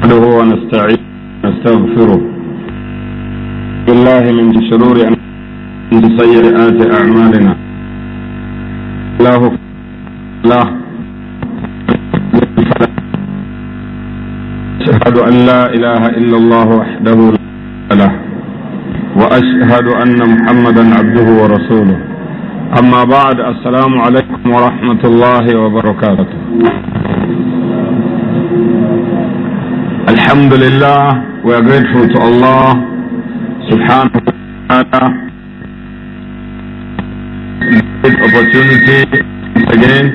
نحمده ونستعينه ونستغفره بالله من شرور من سيئات أعمالنا الله لا أشهد أن لا إله إلا الله وحده لا له وأشهد أن محمدا عبده ورسوله أما بعد السلام عليكم ورحمة الله وبركاته Alhamdulillah, we are grateful to Allah subhanahu wa ta'ala. Great opportunity once again.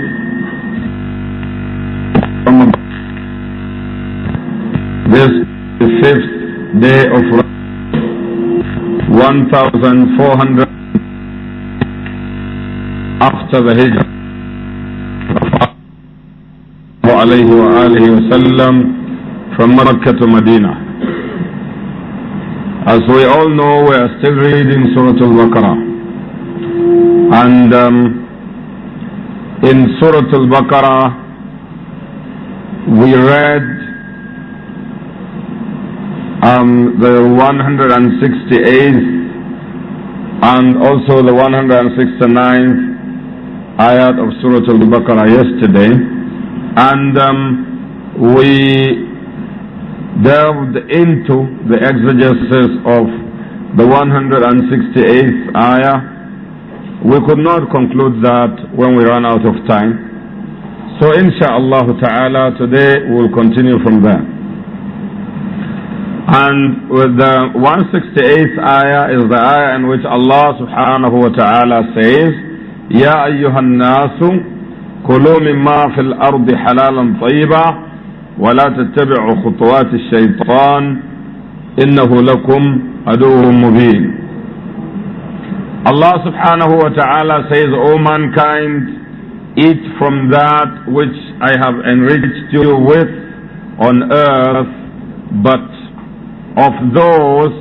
This the fifth day of 1400 after the Hijrah of Allah alayhi sallam from Makkah to Medina. As we all know, we are still reading Surah Al-Baqarah. And um, in Surah Al-Baqarah, we read um, the 168th and also the 169th ayat of Surah Al-Baqarah yesterday. And um, we delved into the exegesis of the 168th ayah, we could not conclude that when we run out of time. So insha'Allah ta'ala today we'll continue from there. And with the 168th ayah is the ayah in which Allah subhanahu wa ta'ala says, يَا أَيُّهَا النَّاسُ كُلُوا مِمَّا فِي الْأَرْضِ حَلَالًا طَيِّبًا ولا تتبعوا خطوات الشيطان إنه لكم عدو مبين Allah subhanahu wa ta'ala says, O mankind, eat from that which I have enriched you with on earth, but of those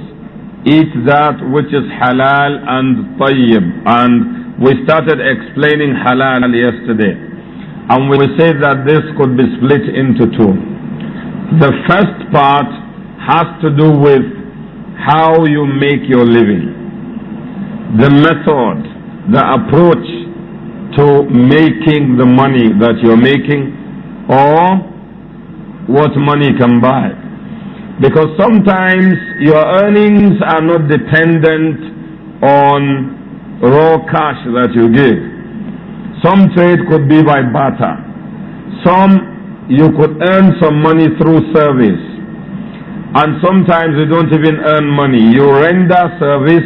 eat that which is halal and tayyib. And we started explaining halal yesterday and we say that this could be split into two. The first part has to do with how you make your living, the method, the approach to making the money that you're making, or what money can buy. Because sometimes your earnings are not dependent on raw cash that you give some trade could be by barter. Some you could earn some money through service. And sometimes you don't even earn money. You render service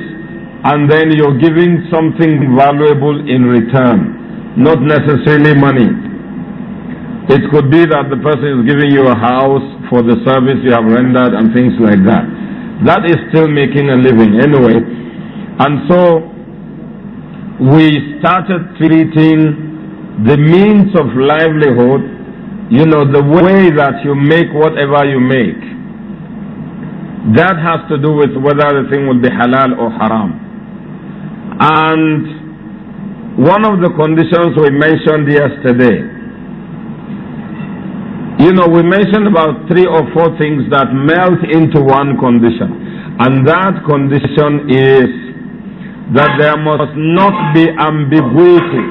and then you're giving something valuable in return. Not necessarily money. It could be that the person is giving you a house for the service you have rendered and things like that. That is still making a living anyway. And so we started treating the means of livelihood, you know, the way that you make whatever you make. That has to do with whether the thing will be halal or haram. And one of the conditions we mentioned yesterday, you know, we mentioned about three or four things that melt into one condition. And that condition is that ah. there must not be ambiguity.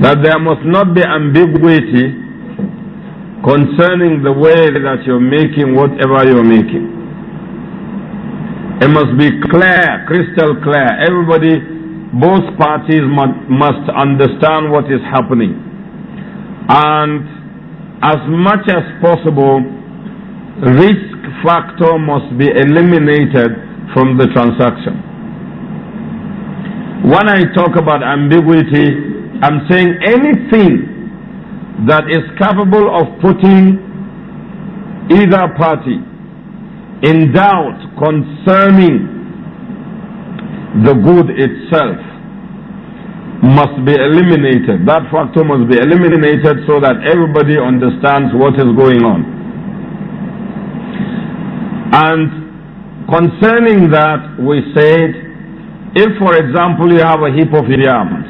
That there must not be ambiguity concerning the way that you're making whatever you're making. It must be clear, crystal clear. Everybody, both parties must understand what is happening. And as much as possible, reach factor must be eliminated from the transaction. When I talk about ambiguity, I'm saying anything that is capable of putting either party in doubt concerning the good itself must be eliminated. That factor must be eliminated so that everybody understands what is going on. And concerning that, we said, if for example you have a heap of yams,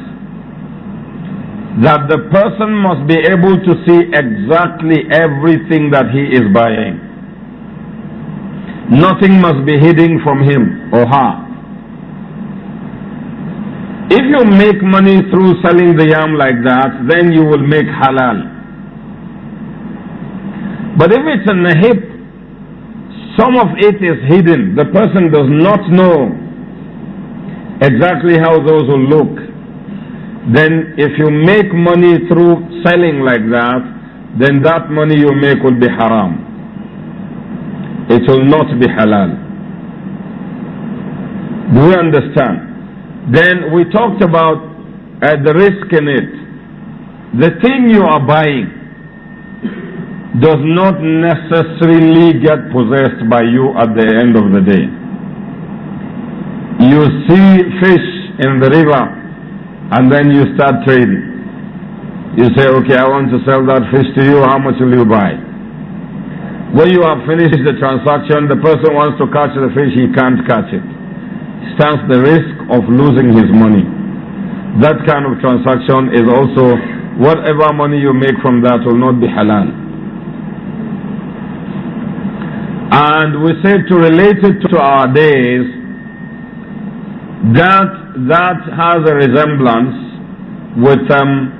that the person must be able to see exactly everything that he is buying. Nothing must be hidden from him or her. If you make money through selling the yam like that, then you will make halal. But if it's a heap, some of it is hidden. The person does not know exactly how those will look. Then if you make money through selling like that, then that money you make will be haram. It will not be halal. Do you understand? Then we talked about uh, the risk in it. The thing you are buying does not necessarily get possessed by you at the end of the day. You see fish in the river and then you start trading. You say, okay, I want to sell that fish to you, how much will you buy? When you have finished the transaction, the person wants to catch the fish, he can't catch it. He Stands the risk of losing his money. That kind of transaction is also whatever money you make from that will not be halal. And we said to relate it to our days, that that has a resemblance with um,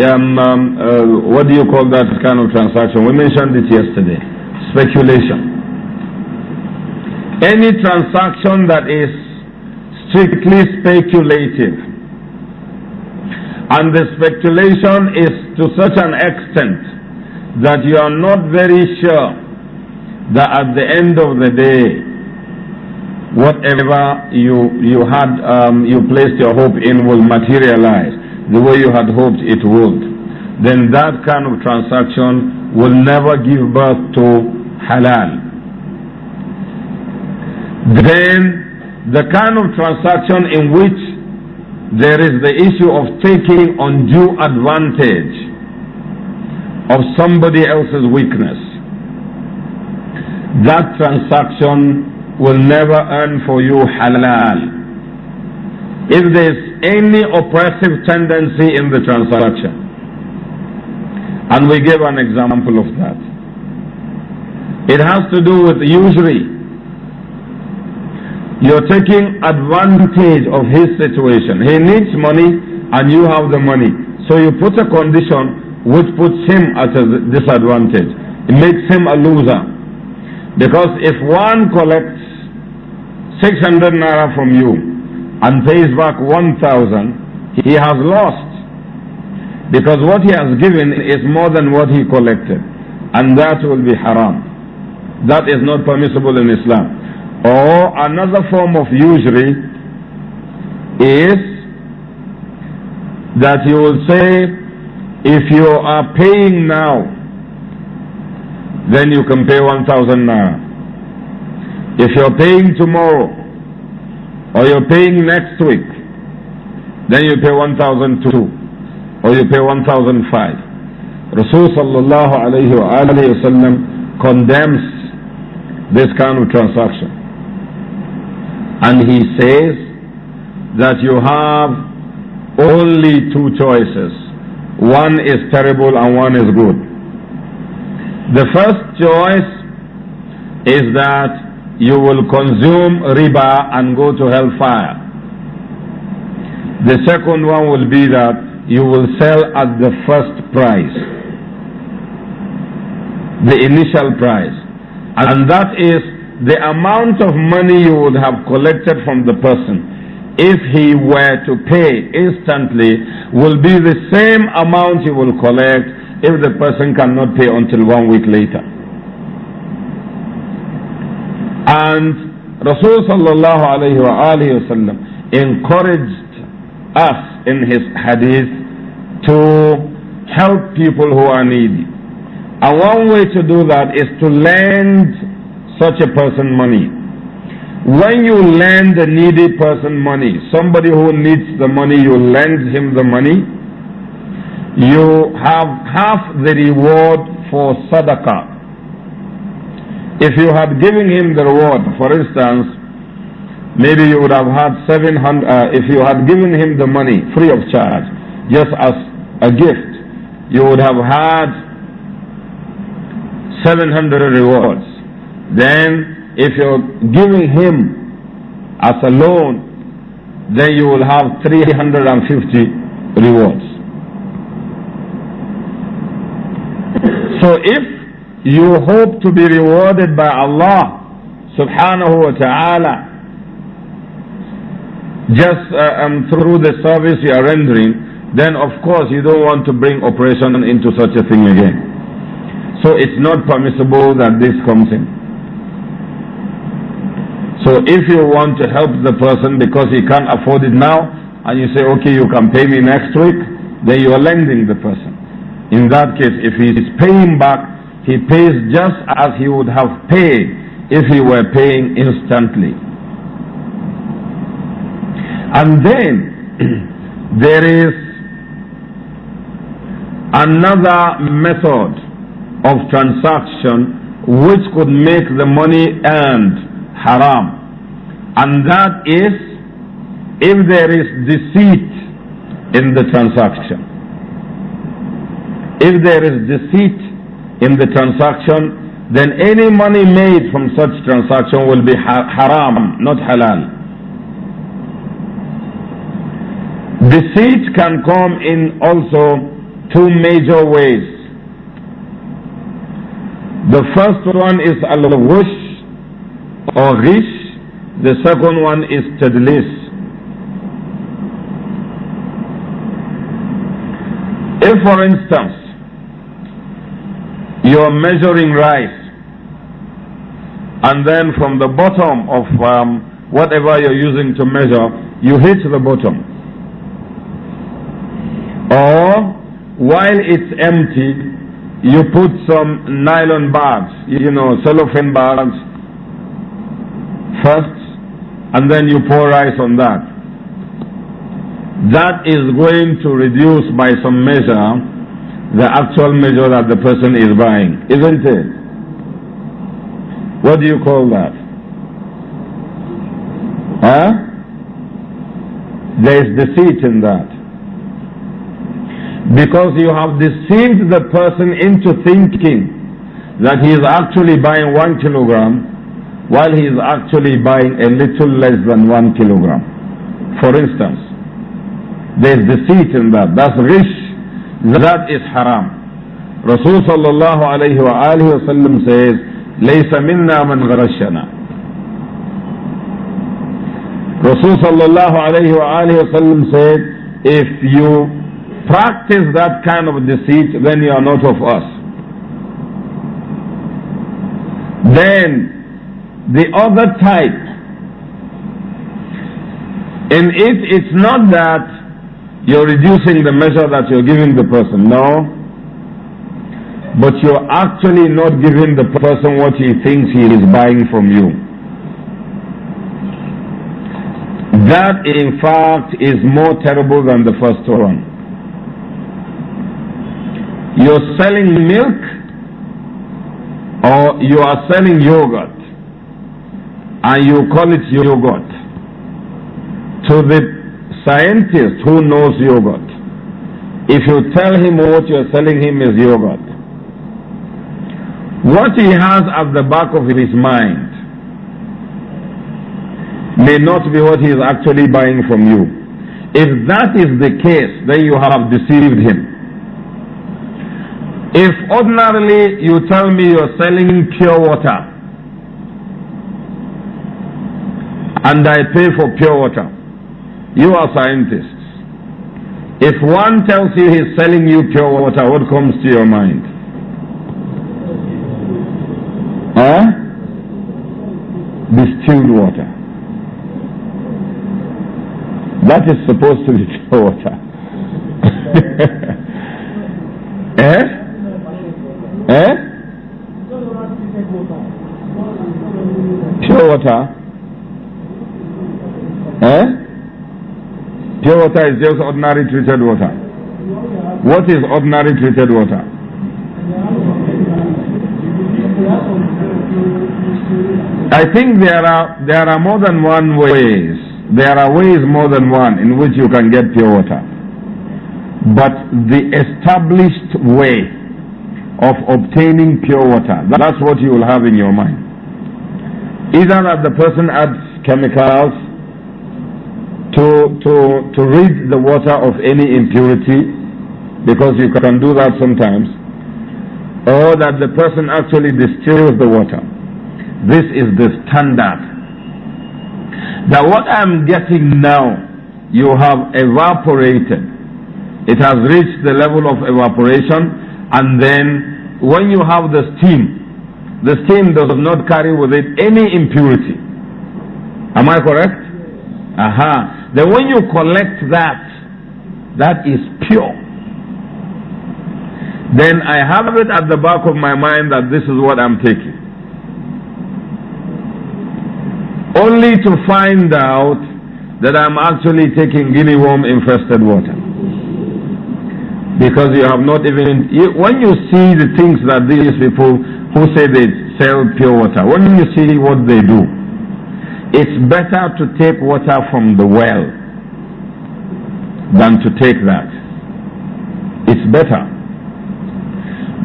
um, um uh, what do you call that kind of transaction? We mentioned it yesterday. Speculation. Any transaction that is strictly speculative, and the speculation is to such an extent that you are not very sure that at the end of the day, whatever you, you had, um, you placed your hope in will materialize the way you had hoped it would. Then that kind of transaction will never give birth to halal. Then the kind of transaction in which there is the issue of taking undue advantage of somebody else's weakness that transaction will never earn for you halal. If there is any oppressive tendency in the transaction, and we give an example of that, it has to do with usury. You're taking advantage of his situation. He needs money and you have the money. So you put a condition which puts him at a disadvantage. It makes him a loser. Because if one collects 600 naira from you and pays back 1000, he has lost. Because what he has given is more than what he collected. And that will be haram. That is not permissible in Islam. Or another form of usury is that you will say, if you are paying now then you can pay 1,000 naira. If you're paying tomorrow or you're paying next week, then you pay 1,002 or you pay 1,005. Rasul sallallahu alayhi wa sallam condemns this kind of transaction. And he says that you have only two choices. One is terrible and one is good. The first choice is that you will consume riba and go to hellfire. The second one will be that you will sell at the first price, the initial price. And that is the amount of money you would have collected from the person if he were to pay instantly will be the same amount you will collect if the person cannot pay until one week later. And Rasulullah sallallahu alayhi wa alayhi encouraged us in his hadith to help people who are needy. And one way to do that is to lend such a person money. When you lend a needy person money, somebody who needs the money, you lend him the money you have half the reward for sadaqah. If you had given him the reward, for instance, maybe you would have had 700, uh, if you had given him the money free of charge, just as a gift, you would have had 700 rewards. Then, if you're giving him as a loan, then you will have 350 rewards. So if you hope to be rewarded by Allah subhanahu wa ta'ala just uh, um, through the service you are rendering, then of course you don't want to bring oppression into such a thing again. So it's not permissible that this comes in. So if you want to help the person because he can't afford it now, and you say, okay, you can pay me next week, then you are lending the person. In that case, if he is paying back, he pays just as he would have paid if he were paying instantly. And then there is another method of transaction which could make the money earned haram. And that is if there is deceit in the transaction. If there is deceit in the transaction, then any money made from such transaction will be haram, not halal. Deceit can come in also two major ways. The first one is al-wush or ghish. The second one is tadlis. If, for instance, you're measuring rice and then from the bottom of um, whatever you're using to measure, you hit the bottom. Or while it's empty, you put some nylon bags, you know, cellophane bags first, and then you pour rice on that. That is going to reduce by some measure the actual measure that the person is buying, isn't it? What do you call that? Huh? There is deceit in that. Because you have deceived the person into thinking that he is actually buying one kilogram while he is actually buying a little less than one kilogram. For instance, there is deceit in that. That's risk that is haram. Rasul sallallahu alayhi wa alihi wa sallam says, لَيْسَ مِنَّا مَنْ غَرَشَّنَا Rasul sallallahu alayhi wa alihi wa sallam said, if you practice that kind of deceit, then you are not of us. Then, the other type, in it, it's not that you're reducing the measure that you're giving the person. No. But you're actually not giving the person what he thinks he is buying from you. That, in fact, is more terrible than the first one. You're selling milk or you are selling yogurt and you call it yogurt to the scientist who knows yogurt, if you tell him what you're selling him is yogurt, what he has at the back of his mind may not be what he is actually buying from you. If that is the case, then you have deceived him. If ordinarily you tell me you're selling pure water and I pay for pure water, you are scientists. If one tells you he's selling you pure water, what comes to your mind? Huh? Distilled water. That is supposed to be pure water. eh? Eh? Pure water Pure water is just ordinary treated water. What is ordinary treated water? I think there are there are more than one ways. There are ways more than one in which you can get pure water. But the established way of obtaining pure water, that's what you will have in your mind. Either that the person adds chemicals to, to, to rid the water of any impurity, because you can do that sometimes, or that the person actually distills the water. This is the standard. That what I'm getting now, you have evaporated. It has reached the level of evaporation, and then when you have the steam, the steam does not carry with it any impurity. Am I correct? Aha. Then when you collect that, that is pure. Then I have it at the back of my mind that this is what I'm taking. Only to find out that I'm actually taking guinea worm infested water. Because you have not even, when you see the things that these people who say they sell pure water, when you see what they do, it's better to take water from the well than to take that. It's better.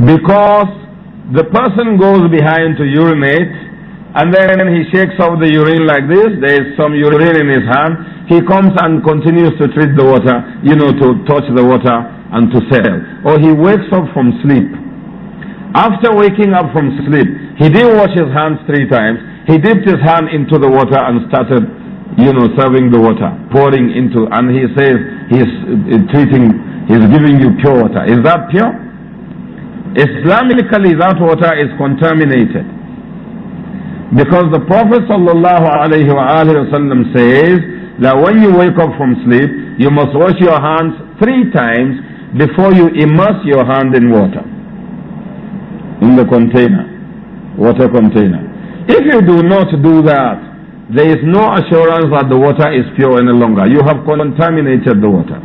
Because the person goes behind to urinate and then he shakes off the urine like this. There is some urine in his hand. He comes and continues to treat the water, you know, to touch the water and to sell. Or he wakes up from sleep. After waking up from sleep, he didn't wash his hands three times. He dipped his hand into the water and started, you know, serving the water, pouring into, and he says he's uh, treating, he's giving you pure water. Is that pure? Islamically, that water is contaminated. Because the Prophet wasallam says that when you wake up from sleep, you must wash your hands three times before you immerse your hand in water, in the container, water container. If you do not do that, there is no assurance that the water is pure any longer. You have contaminated the water.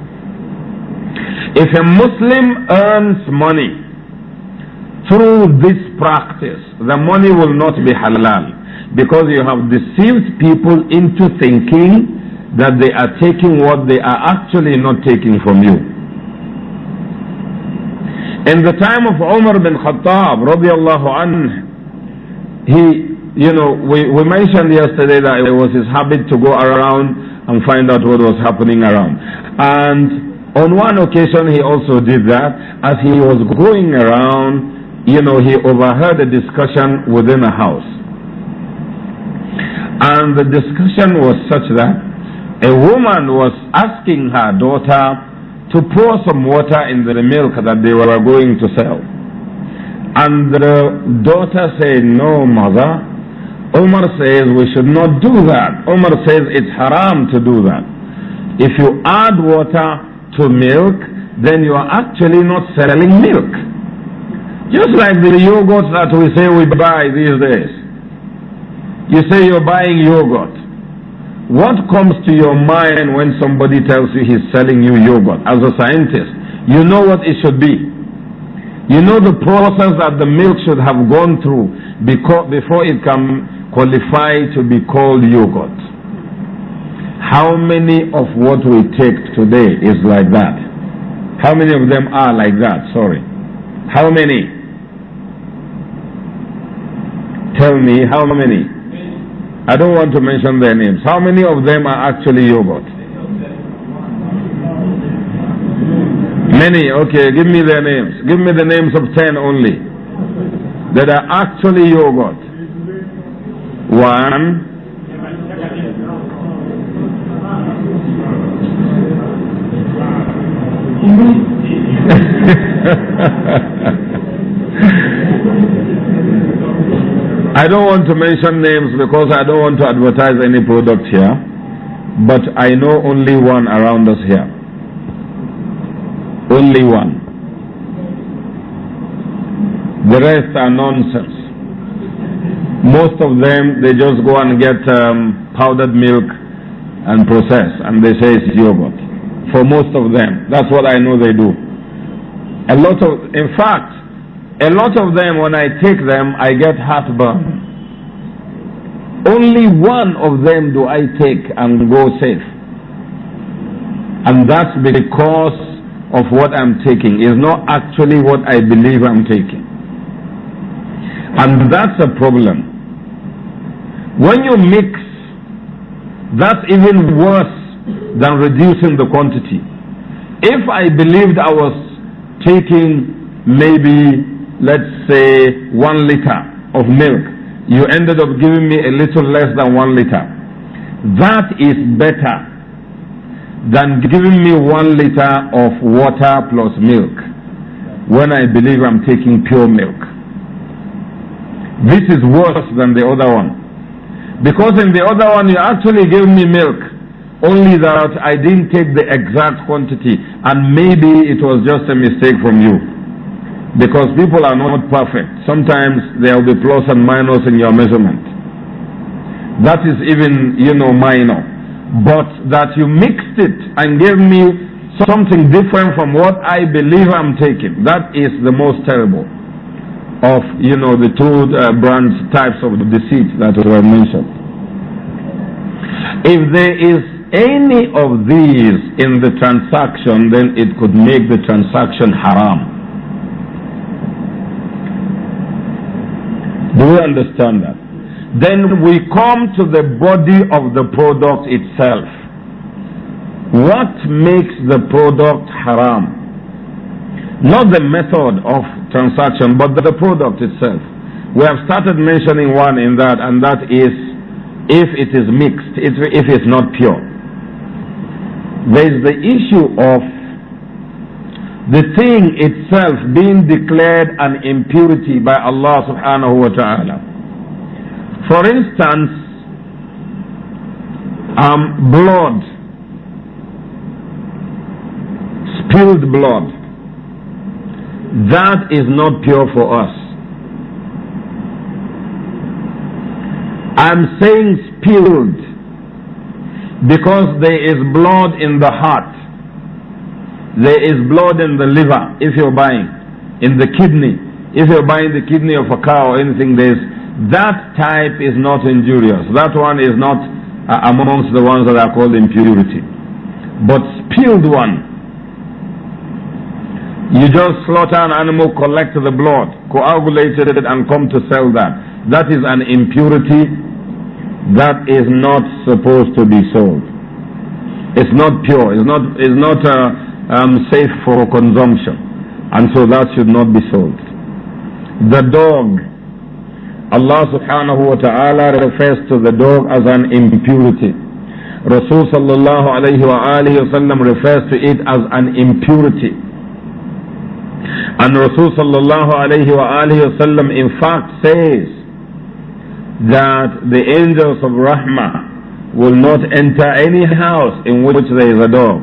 If a Muslim earns money through this practice, the money will not be halal because you have deceived people into thinking that they are taking what they are actually not taking from you. In the time of Umar bin Khattab, radiallahu he you know, we, we mentioned yesterday that it was his habit to go around and find out what was happening around. And on one occasion he also did that. As he was going around, you know, he overheard a discussion within a house. And the discussion was such that a woman was asking her daughter to pour some water in the milk that they were going to sell. And the daughter said, No, mother, Umar says we should not do that. Umar says it's haram to do that. If you add water to milk, then you are actually not selling milk. Just like the yogurts that we say we buy these days. You say you're buying yogurt. What comes to your mind when somebody tells you he's selling you yogurt? As a scientist, you know what it should be. You know the process that the milk should have gone through before it can qualify to be called yogurt. How many of what we take today is like that? How many of them are like that? Sorry. How many? Tell me, how many? I don't want to mention their names. How many of them are actually yogurt? Many, okay, give me their names. Give me the names of 10 only that are actually yogurt one I don't want to mention names because I don't want to advertise any product here, but I know only one around us here. Only one. The rest are nonsense. Most of them, they just go and get um, powdered milk and process, and they say it's yogurt. For most of them, that's what I know they do. A lot of, in fact, a lot of them, when I take them, I get heartburn. Only one of them do I take and go safe. And that's because of what I'm taking. is not actually what I believe I'm taking. And that's a problem. When you mix, that's even worse than reducing the quantity. If I believed I was taking maybe, let's say, one liter of milk, you ended up giving me a little less than one liter. That is better than giving me one liter of water plus milk when I believe I'm taking pure milk. This is worse than the other one. Because in the other one you actually gave me milk, only that I didn't take the exact quantity and maybe it was just a mistake from you. Because people are not perfect. Sometimes there will be plus and minus in your measurement. That is even, you know, minor. But that you mixed it and gave me something different from what I believe I'm taking, that is the most terrible of, you know, the two uh, brands types of deceit that were mentioned. If there is any of these in the transaction, then it could make the transaction haram. Do you understand that? Then we come to the body of the product itself. What makes the product haram? Not the method of transaction, but the product itself. We have started mentioning one in that, and that is if it is mixed, if, it's not pure. There is the issue of the thing itself being declared an impurity by Allah subhanahu wa ta'ala. For instance, um, blood, spilled blood that is not pure for us. I'm saying spilled because there is blood in the heart, there is blood in the liver, if you're buying, in the kidney. If you're buying the kidney of a cow or anything, there's that type is not injurious. That one is not uh, amongst the ones that are called impurity. But spilled one, you just slaughter an animal, collect the blood, coagulate it, and come to sell that. That is an impurity that is not supposed to be sold. It's not pure. It's not. It's not uh, um, safe for consumption, and so that should not be sold. The dog. Allah subhanahu wa taala refers to the dog as an impurity. Rasul sallallahu alayhi wa refers to it as an impurity. And Rasulullah sallallahu alayhi wa alayhi in fact says that the angels of Rahmah will not enter any house in which there is a door.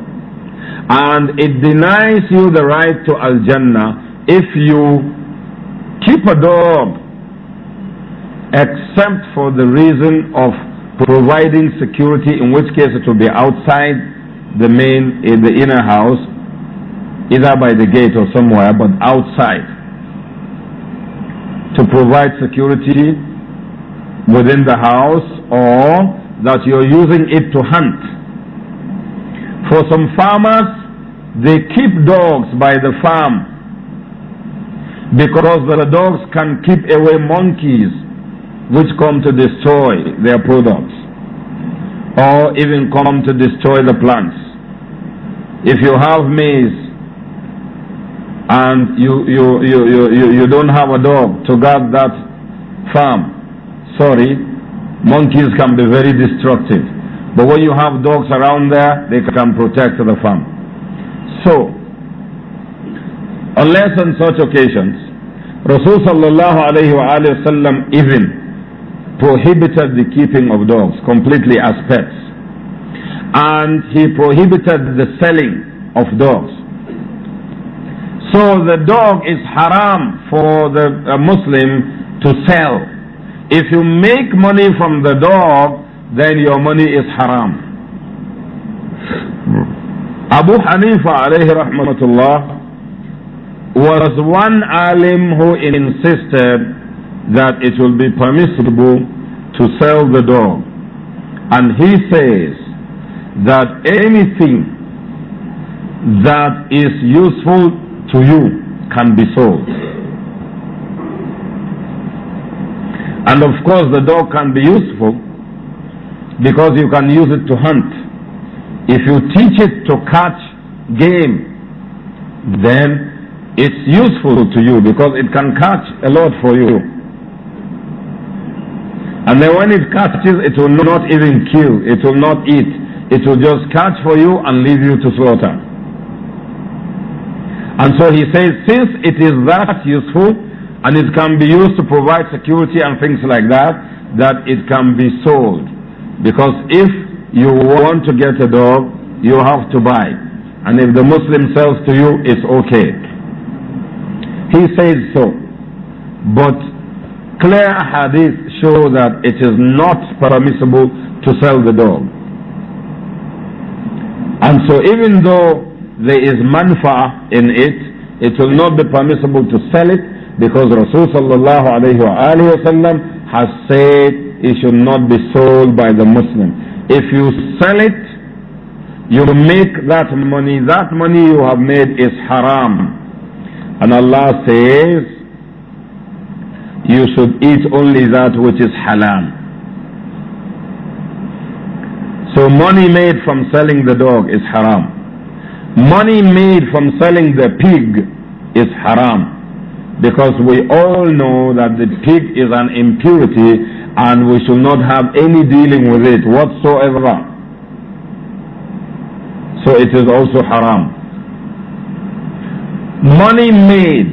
And it denies you the right to Al-Jannah if you keep a door except for the reason of providing security, in which case it will be outside the main, in the inner house, either by the gate or somewhere, but outside, to provide security within the house or that you're using it to hunt. For some farmers, they keep dogs by the farm because the dogs can keep away monkeys which come to destroy their products or even come to destroy the plants. If you have maize and you, you, you, you, you don't have a dog to guard that farm, sorry, monkeys can be very destructive. But when you have dogs around there, they can protect the farm. So, unless on such occasions, Rasul sallallahu alayhi wa even prohibited the keeping of dogs completely as pets. And he prohibited the selling of dogs. So the dog is haram for the Muslim to sell. If you make money from the dog, then your money is haram. Abu Hanifa alayhi rahmatullah was one alim who insisted that it will be permissible to sell the dog. And he says that anything that is useful to you can be sold. And of course, the dog can be useful because you can use it to hunt. If you teach it to catch game, then it's useful to you because it can catch a lot for you. And then when it catches, it will not even kill, it will not eat, it will just catch for you and leave you to slaughter. And so he says, since it is that useful and it can be used to provide security and things like that, that it can be sold. Because if you want to get a dog, you have to buy. And if the Muslim sells to you, it's okay. He says so. But clear hadith show that it is not permissible to sell the dog. And so even though there is manfa'ah in it, it will not be permissible to sell it because Rasulullah sallallahu has said it should not be sold by the Muslim. If you sell it, you make that money. That money you have made is haram. And Allah says, you should eat only that which is halal. So money made from selling the dog is haram. Money made from selling the pig is haram because we all know that the pig is an impurity and we should not have any dealing with it whatsoever. So it is also haram. Money made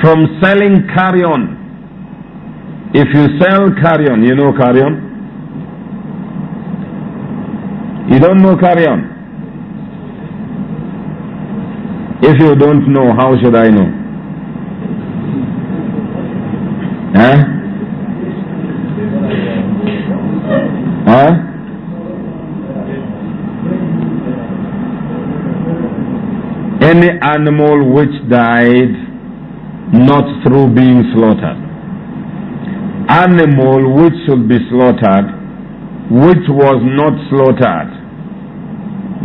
from selling carrion. If you sell carrion, you know carrion? You don't know carrion? If you don't know, how should I know? Huh? Huh? Any animal which died not through being slaughtered. Animal which should be slaughtered, which was not slaughtered,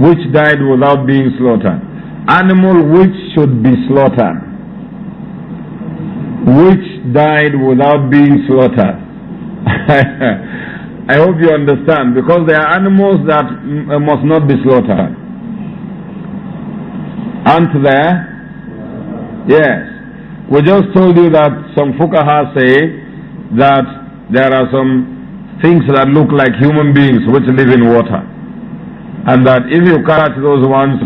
which died without being slaughtered animal which should be slaughtered, which died without being slaughtered. I hope you understand, because there are animals that uh, must not be slaughtered. Aren't there? Yes. We just told you that some fuqaha say that there are some things that look like human beings which live in water. And that if you catch those ones,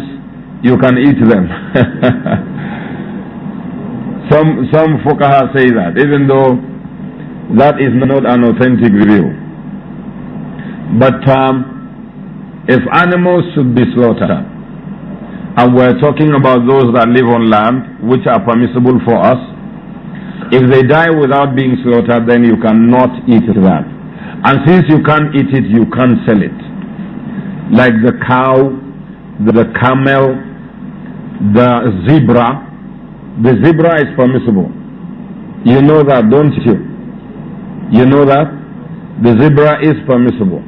you can eat them. some some fuqaha say that, even though that is not an authentic view. But um, if animals should be slaughtered, and we're talking about those that live on land, which are permissible for us, if they die without being slaughtered, then you cannot eat that. And since you can't eat it, you can't sell it. Like the cow, the camel, the zebra, the zebra is permissible. You know that, don't you? You know that? The zebra is permissible.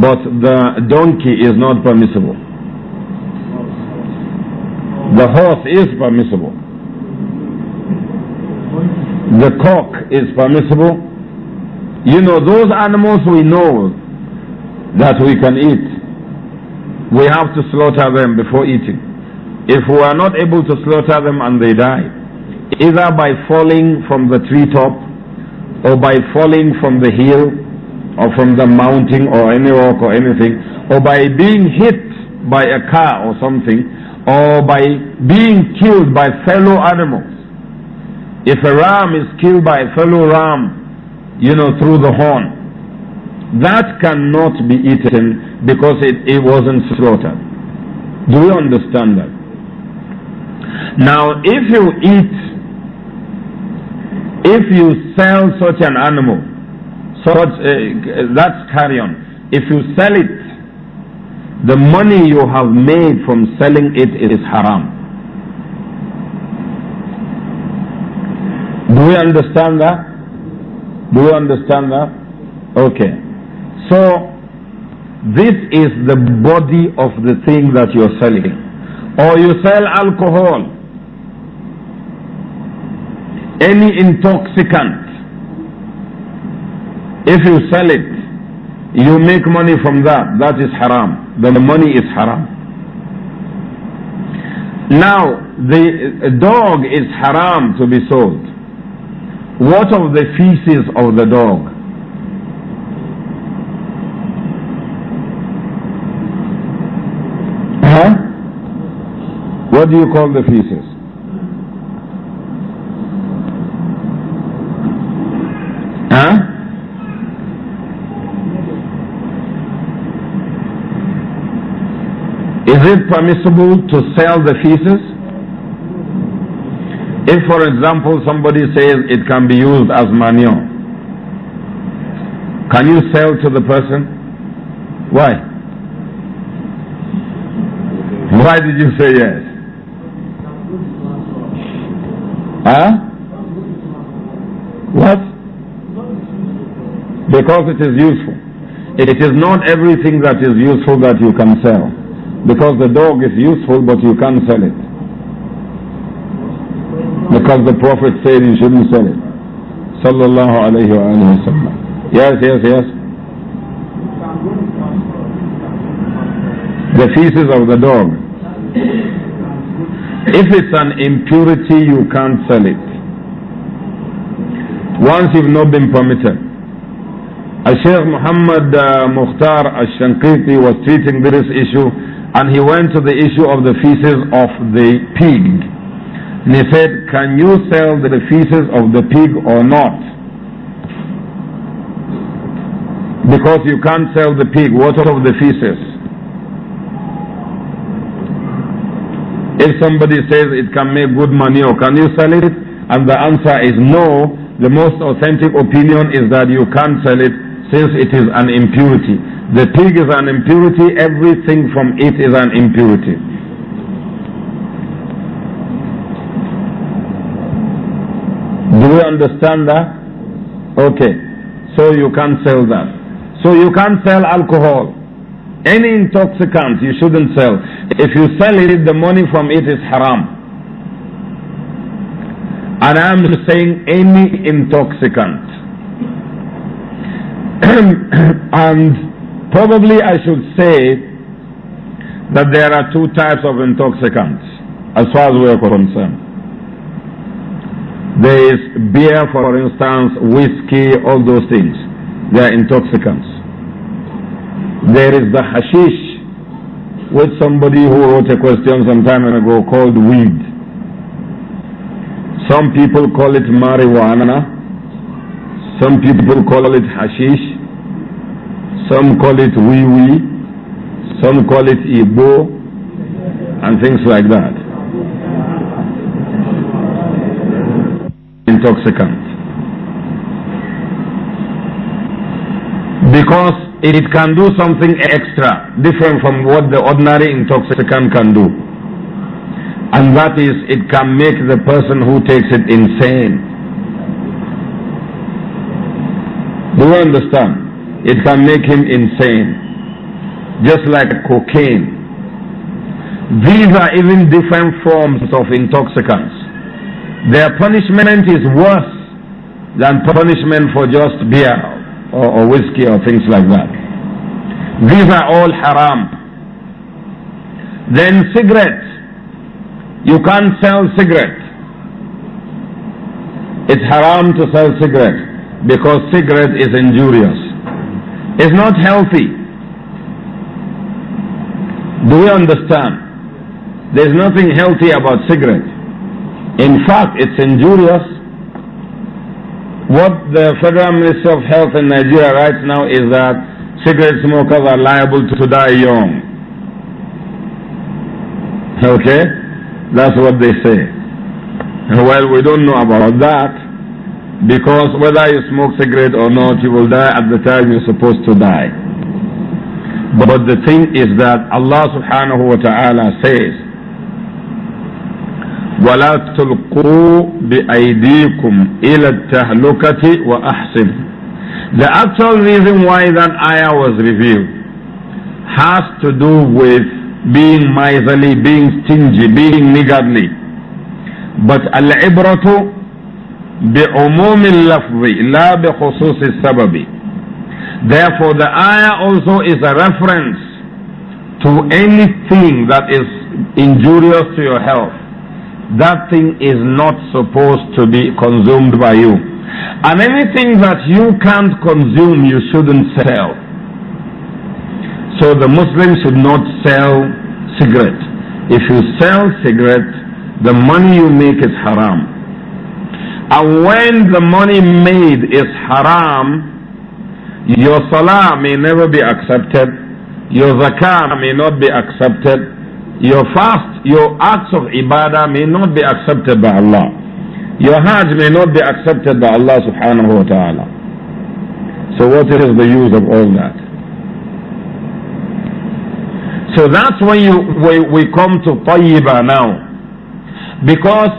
But the donkey is not permissible. The horse is permissible. The cock is permissible. You know, those animals we know that we can eat, we have to slaughter them before eating if we are not able to slaughter them and they die, either by falling from the treetop or by falling from the hill or from the mountain or any rock or anything, or by being hit by a car or something, or by being killed by fellow animals. If a ram is killed by a fellow ram, you know, through the horn, that cannot be eaten because it, it wasn't slaughtered. Do we understand that? Now, if you eat, if you sell such an animal, such uh, that's carrion. If you sell it, the money you have made from selling it is haram. Do you understand that? Do you understand that? Okay. So, this is the body of the thing that you're selling or you sell alcohol, any intoxicant, if you sell it, you make money from that. That is haram. Then The money is haram. Now, the dog is haram to be sold. What of the feces of the dog? What do you call the feces? Huh? Is it permissible to sell the feces? If, for example, somebody says it can be used as manure, can you sell to the person? Why? Why did you say yes? Huh? What? Because it is useful. It is not everything that is useful that you can sell. Because the dog is useful, but you can't sell it. Because the Prophet said you shouldn't sell it. Sallallahu alayhi wa alayhi Yes, yes, yes. The feces of the dog. If it's an impurity, you can't sell it. Once you've not been permitted. Sheikh Muhammad uh, Mukhtar al-Shankiti was treating this issue and he went to the issue of the feces of the pig. And he said, can you sell the feces of the pig or not? Because you can't sell the pig. What of the feces? If somebody says it can make good money, or can you sell it? And the answer is no. The most authentic opinion is that you can't sell it since it is an impurity. The pig is an impurity, everything from it is an impurity. Do we understand that? Okay. So you can't sell that. So you can't sell alcohol. Any intoxicant you shouldn't sell. If you sell it, the money from it is haram. And I'm saying any intoxicant. and probably I should say that there are two types of intoxicants as far as we are concerned. There is beer, for instance, whiskey, all those things. They are intoxicants. There is the hashish, with somebody who wrote a question some time ago called weed. Some people call it marijuana. Some people call it hashish. Some call it wee wee. Some call it ibo. And things like that. Intoxicant. Because it can do something extra, different from what the ordinary intoxicant can do. And that is, it can make the person who takes it insane. Do you understand? It can make him insane. Just like cocaine. These are even different forms of intoxicants. Their punishment is worse than punishment for just beer or, or whiskey or things like that. These are all haram. Then cigarettes. You can't sell cigarettes. It's haram to sell cigarettes because cigarette is injurious. It's not healthy. Do you understand? There's nothing healthy about cigarette. In fact, it's injurious what the Federal Ministry of Health in Nigeria writes now is that cigarette smokers are liable to die young. Okay? That's what they say. Well, we don't know about that because whether you smoke cigarette or not, you will die at the time you're supposed to die. But the thing is that Allah subhanahu wa ta'ala says ولا تلقوا بأيديكم إلى التهلكة وأحسنوا The actual reason why that ayah was revealed has to do with being miserly, being stingy, being niggardly. But al-ibratu بعموم اللفظ لا بخصوص السبب Therefore the ayah also is a reference to anything that is injurious to your health that thing is not supposed to be consumed by you. And anything that you can't consume, you shouldn't sell. So the Muslim should not sell cigarette. If you sell cigarette, the money you make is haram. And when the money made is haram, your salah may never be accepted, your zakah may not be accepted, your fast, your acts of ibadah may not be accepted by Allah. Your hajj may not be accepted by Allah subhanahu wa ta'ala. So what is the use of all that? So that's when you, we, we come to Tayyiba now. Because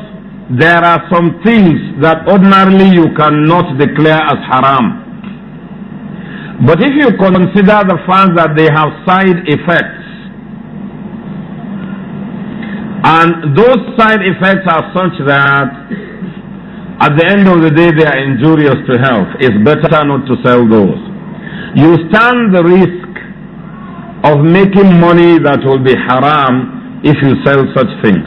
there are some things that ordinarily you cannot declare as haram. But if you consider the fact that they have side effects, and those side effects are such that at the end of the day they are injurious to health. It's better not to sell those. You stand the risk of making money that will be haram if you sell such things.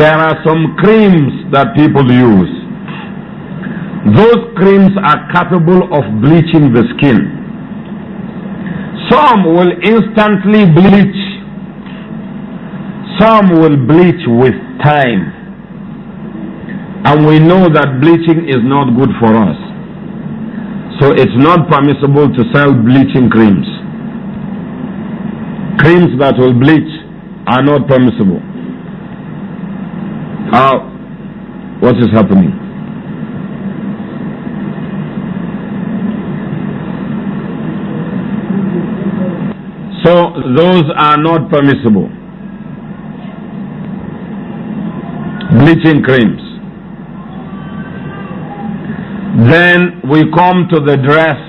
There are some creams that people use. Those creams are capable of bleaching the skin. Some will instantly bleach. Some will bleach with time. And we know that bleaching is not good for us. So it's not permissible to sell bleaching creams. Creams that will bleach are not permissible. How? what is happening? So those are not permissible. Bleaching creams. Then we come to the dress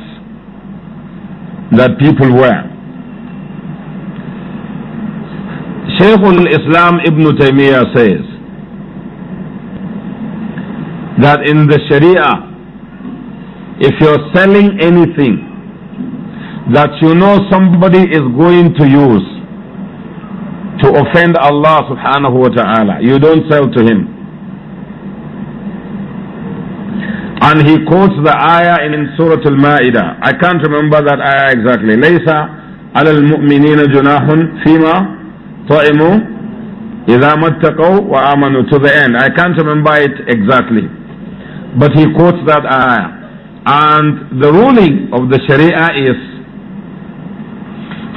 that people wear. Shaykh al-Islam Ibn Taymiyyah says that in the Sharia, if you're selling anything that you know somebody is going to use to offend Allah subhanahu wa ta'ala. You don't sell to him. And he quotes the ayah in Surah Al-Ma'idah. I can't remember that ayah exactly. لَيْسَ عَلَى الْمُؤْمِنِينَ جُنَاحٌ Ta'imu طَعِمُوا إِذَا Wa Amanu To the end. I can't remember it exactly. But he quotes that ayah. And the ruling of the Sharia is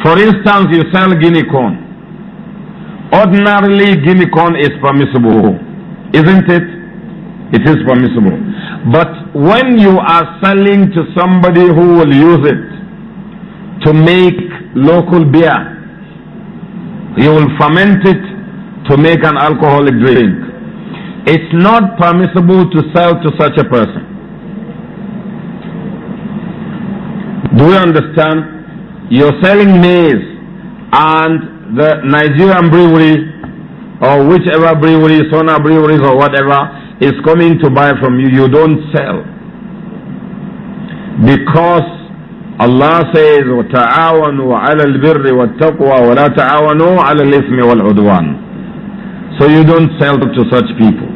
for instance, you sell guinea corn. Ordinarily, guinea corn is permissible, isn't it? It is permissible. But when you are selling to somebody who will use it to make local beer, you will ferment it to make an alcoholic drink. It's not permissible to sell to such a person. Do you understand? you're selling maize and the Nigerian brewery or whichever brewery, Sona breweries or whatever is coming to buy from you, you don't sell. Because Allah says, وَتَعَاوَنُوا عَلَى الْبِرِّ وَالتَّقْوَى وَلَا تَعَاوَنُوا عَلَى الْإِثْمِ وَالْعُدْوَانِ So you don't sell to such people.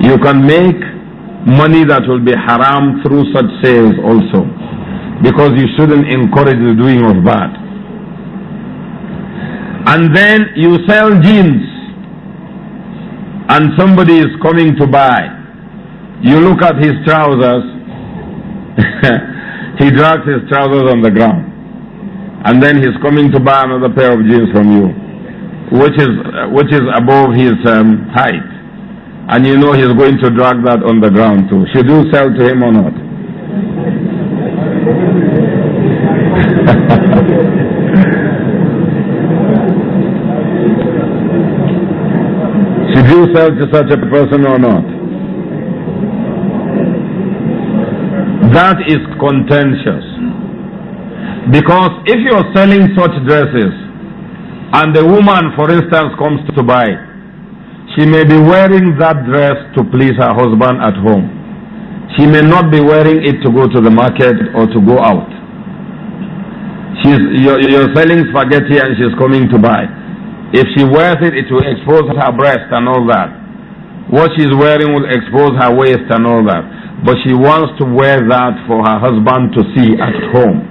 You can make money that will be haram through such sales also because you shouldn't encourage the doing of bad. And then you sell jeans and somebody is coming to buy. You look at his trousers, he drags his trousers on the ground. And then he's coming to buy another pair of jeans from you, which is, which is above his um, height. And you know he's going to drag that on the ground too. Should you sell to him or not? Should you sell to such a person or not? That is contentious. Because if you're selling such dresses and the woman, for instance, comes to buy, she may be wearing that dress to please her husband at home. She may not be wearing it to go to the market or to go out. She's, you're, you're selling spaghetti and she's coming to buy. If she wears it, it will expose her breast and all that. What she's wearing will expose her waist and all that. But she wants to wear that for her husband to see at home.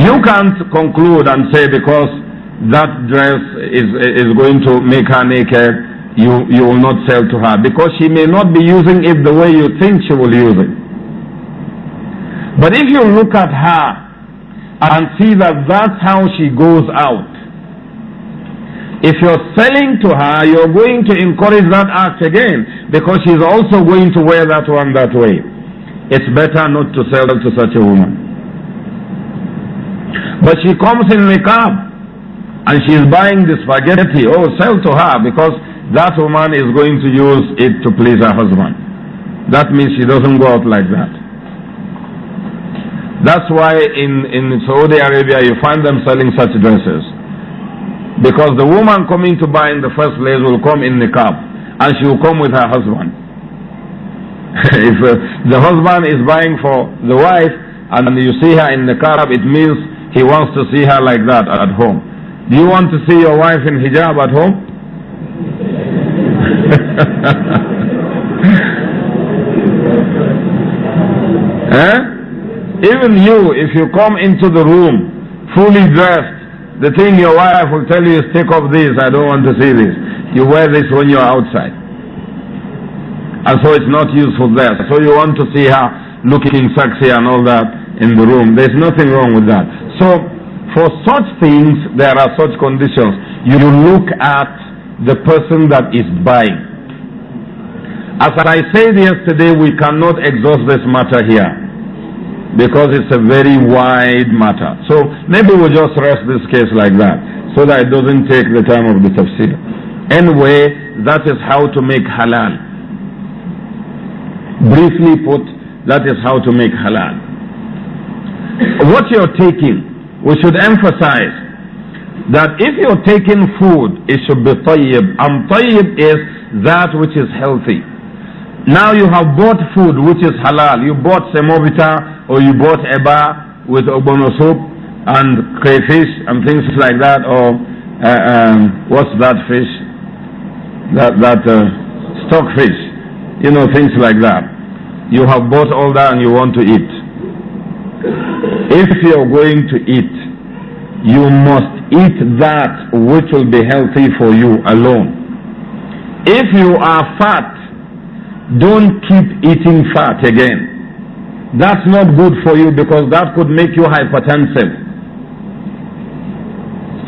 You can't conclude and say because that dress is, is going to make her naked, you, you will not sell to her because she may not be using it the way you think she will use it. But if you look at her and see that that's how she goes out, if you're selling to her, you're going to encourage that act again because she's also going to wear that one that way. It's better not to sell to such a woman. But she comes in cab and she's buying the spaghetti. Oh, sell to her because that woman is going to use it to please her husband. That means she doesn't go out like that. That's why in, in Saudi Arabia you find them selling such dresses. Because the woman coming to buy in the first place will come in niqab and she will come with her husband. if uh, the husband is buying for the wife and you see her in the car, it means he wants to see her like that at home. Do you want to see your wife in hijab at home? Even you, if you come into the room fully dressed, the thing your wife will tell you is take off this, I don't want to see this. You wear this when you're outside. And so it's not useful there. So you want to see her looking sexy and all that in the room. There's nothing wrong with that. So for such things, there are such conditions. You look at the person that is buying. As I said yesterday, we cannot exhaust this matter here because it's a very wide matter. So maybe we'll just rest this case like that so that it doesn't take the time of the tafsir. Anyway, that is how to make halal. Briefly put, that is how to make halal. What you're taking, we should emphasize that if you're taking food, it should be tayyib. And tayyib is that which is healthy. Now you have bought food which is halal. You bought semovita or you bought eba with obono soup and crayfish and things like that. Or uh, um, what's that fish? That that uh, stockfish. You know things like that. You have bought all that and you want to eat. If you're going to eat, you must eat that which will be healthy for you alone. If you are fat, don't keep eating fat again. That's not good for you because that could make you hypertensive.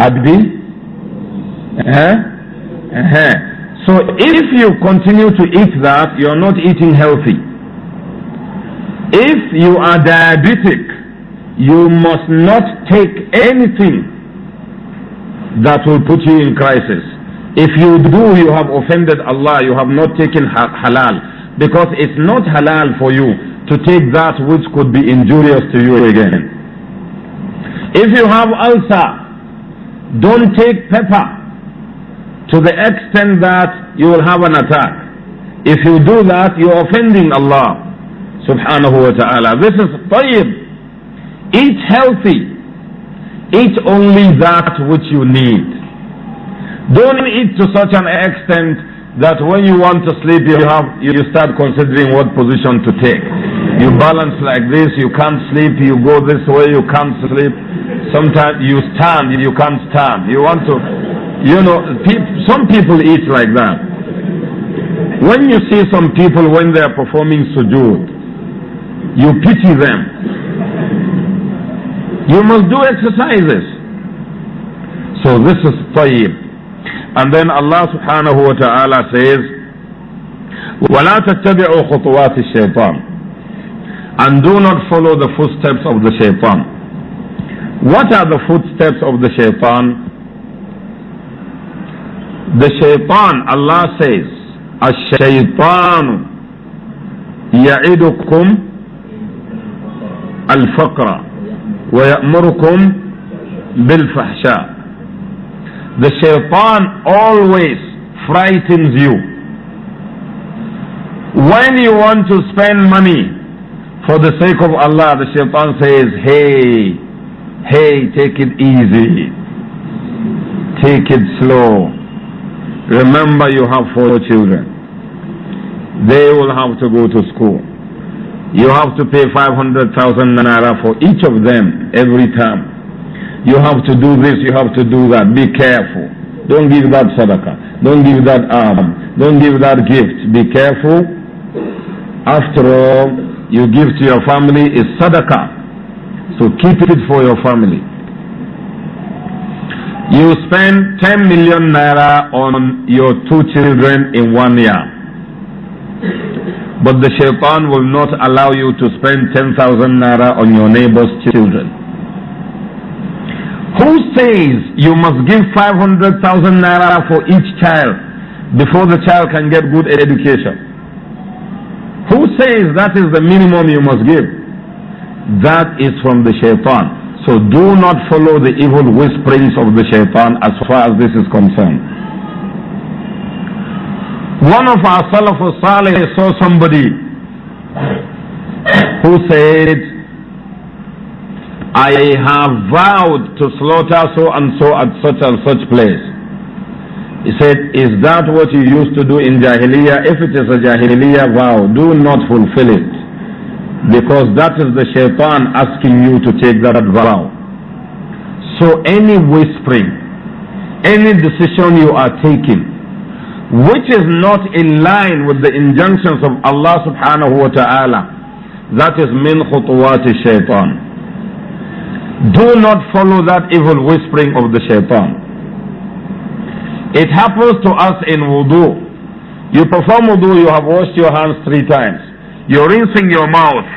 Abdi? Eh? Eh. So if you continue to eat that, you're not eating healthy. If you are diabetic, you must not take anything that will put you in crisis. If you do, you have offended Allah, you have not taken halal. Because it's not halal for you to take that which could be injurious to you again. If you have ulcer, don't take pepper to the extent that you will have an attack. If you do that, you're offending Allah subhanahu wa ta'ala. This is tayyib. Eat healthy. Eat only that which you need. Don't eat to such an extent that when you want to sleep, you, have, you start considering what position to take. You balance like this, you can't sleep, you go this way, you can't sleep. Sometimes you stand, you can't stand. You want to, you know, some people eat like that. When you see some people when they are performing sujood, you pity them you must do exercises. So this is tayyib. And then Allah subhanahu wa ta'ala says, وَلَا تَتَّبِعُوا خُطُوَاتِ الشَّيْطَانِ And do not follow the footsteps of the shaitan. What are the footsteps of the shaitan? The shaitan, Allah says, الشيطان يعدكم الفقر وَيَأْمُرُكُمْ بِالْفَحْشَاءِ The shaitan always frightens you. When you want to spend money for the sake of Allah, the shaitan says, hey, hey, take it easy. Take it slow. Remember you have four children. They will have to go to school you have to pay 500,000 naira for each of them every time. You have to do this, you have to do that. Be careful. Don't give that sadaqah. Don't give that arm. Don't give that gift. Be careful. After all, you give to your family is sadaqah. So keep it for your family. You spend 10 million naira on your two children in one year. But the shaitan will not allow you to spend 10,000 naira on your neighbor's children. Who says you must give 500,000 naira for each child before the child can get good education? Who says that is the minimum you must give? That is from the shaitan. So do not follow the evil whisperings of the shaitan as far as this is concerned. One of our Salafus Saleh saw somebody who said, I have vowed to slaughter so and so at such and such place. He said, Is that what you used to do in Jahiliyyah? If it is a Jahiliyyah vow, do not fulfill it. Because that is the shaitan asking you to take that vow. So any whispering, any decision you are taking, which is not in line with the injunctions of Allah subhanahu wa ta'ala. That is min khutuwati shaitan. Do not follow that evil whispering of the shaitan. It happens to us in wudu. You perform wudu, you have washed your hands three times. You're rinsing your mouth,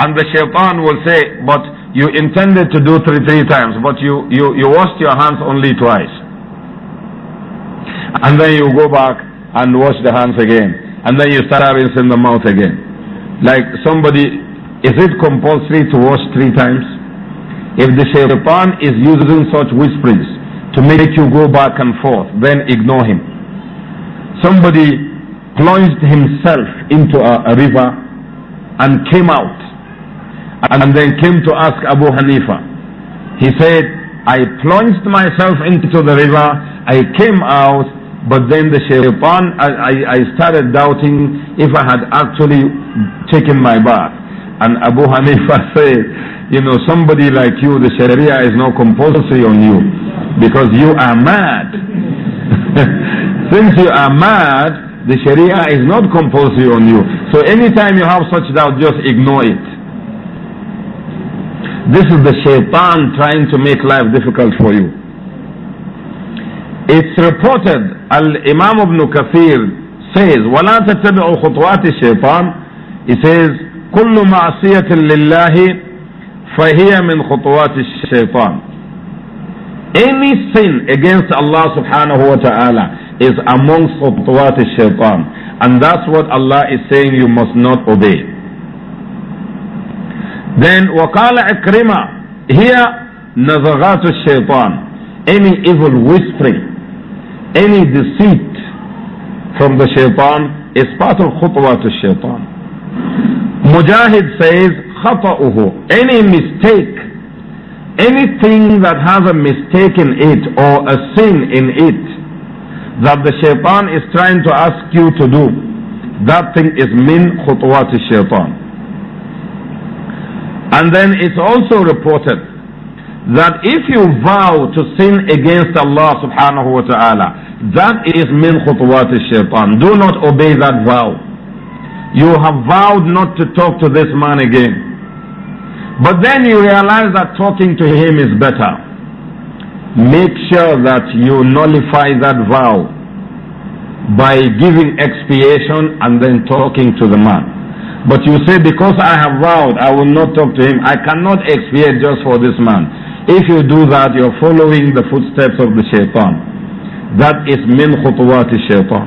and the shaitan will say, but you intended to do three, three times, but you, you, you washed your hands only twice. And then you go back and wash the hands again. And then you start having in the mouth again. Like somebody, is it compulsory to wash three times? If the shaitan is using such whisperings to make you go back and forth, then ignore him. Somebody plunged himself into a, a river and came out and then came to ask Abu Hanifa. He said, I plunged myself into the river I came out, but then the shaitan, I, I, I started doubting if I had actually taken my bath. And Abu Hanifa said, you know, somebody like you, the Sharia is not compulsory on you because you are mad. Since you are mad, the Sharia is not compulsory on you. So anytime you have such doubt, just ignore it. This is the shaitan trying to make life difficult for you. It's reported, Al-Imam ibn Kathir says, وَلَا تَتَّبِعُوا خُطْوَاتِ الشَّيْطَانِ He says, كُلُّ مَعْصِيَةٍ لِلَّهِ فَهِيَ مِنْ خُطْوَاتِ الشَّيْطَانِ Any sin against Allah subhanahu wa ta'ala is amongst خُطْوَاتِ الشَّيْطَانِ And that's what Allah is saying you must not obey. Then, وَقَالَ عِكْرِمَةً Here, نَزَغَاتُ الشَّيْطَانِ Any evil whispering any deceit from the shaitan is part of khutwa to shaitan. Mujahid says, uhu. any mistake, anything that has a mistake in it or a sin in it that the shaitan is trying to ask you to do, that thing is min khutwat shaitan. And then it's also reported that if you vow to sin against Allah subhanahu wa ta'ala, that is min khutuwat shaitan. Do not obey that vow. You have vowed not to talk to this man again. But then you realize that talking to him is better. Make sure that you nullify that vow by giving expiation and then talking to the man. But you say, because I have vowed, I will not talk to him. I cannot expiate just for this man. If you do that, you're following the footsteps of the shaitan. That is min khutwati shaitan.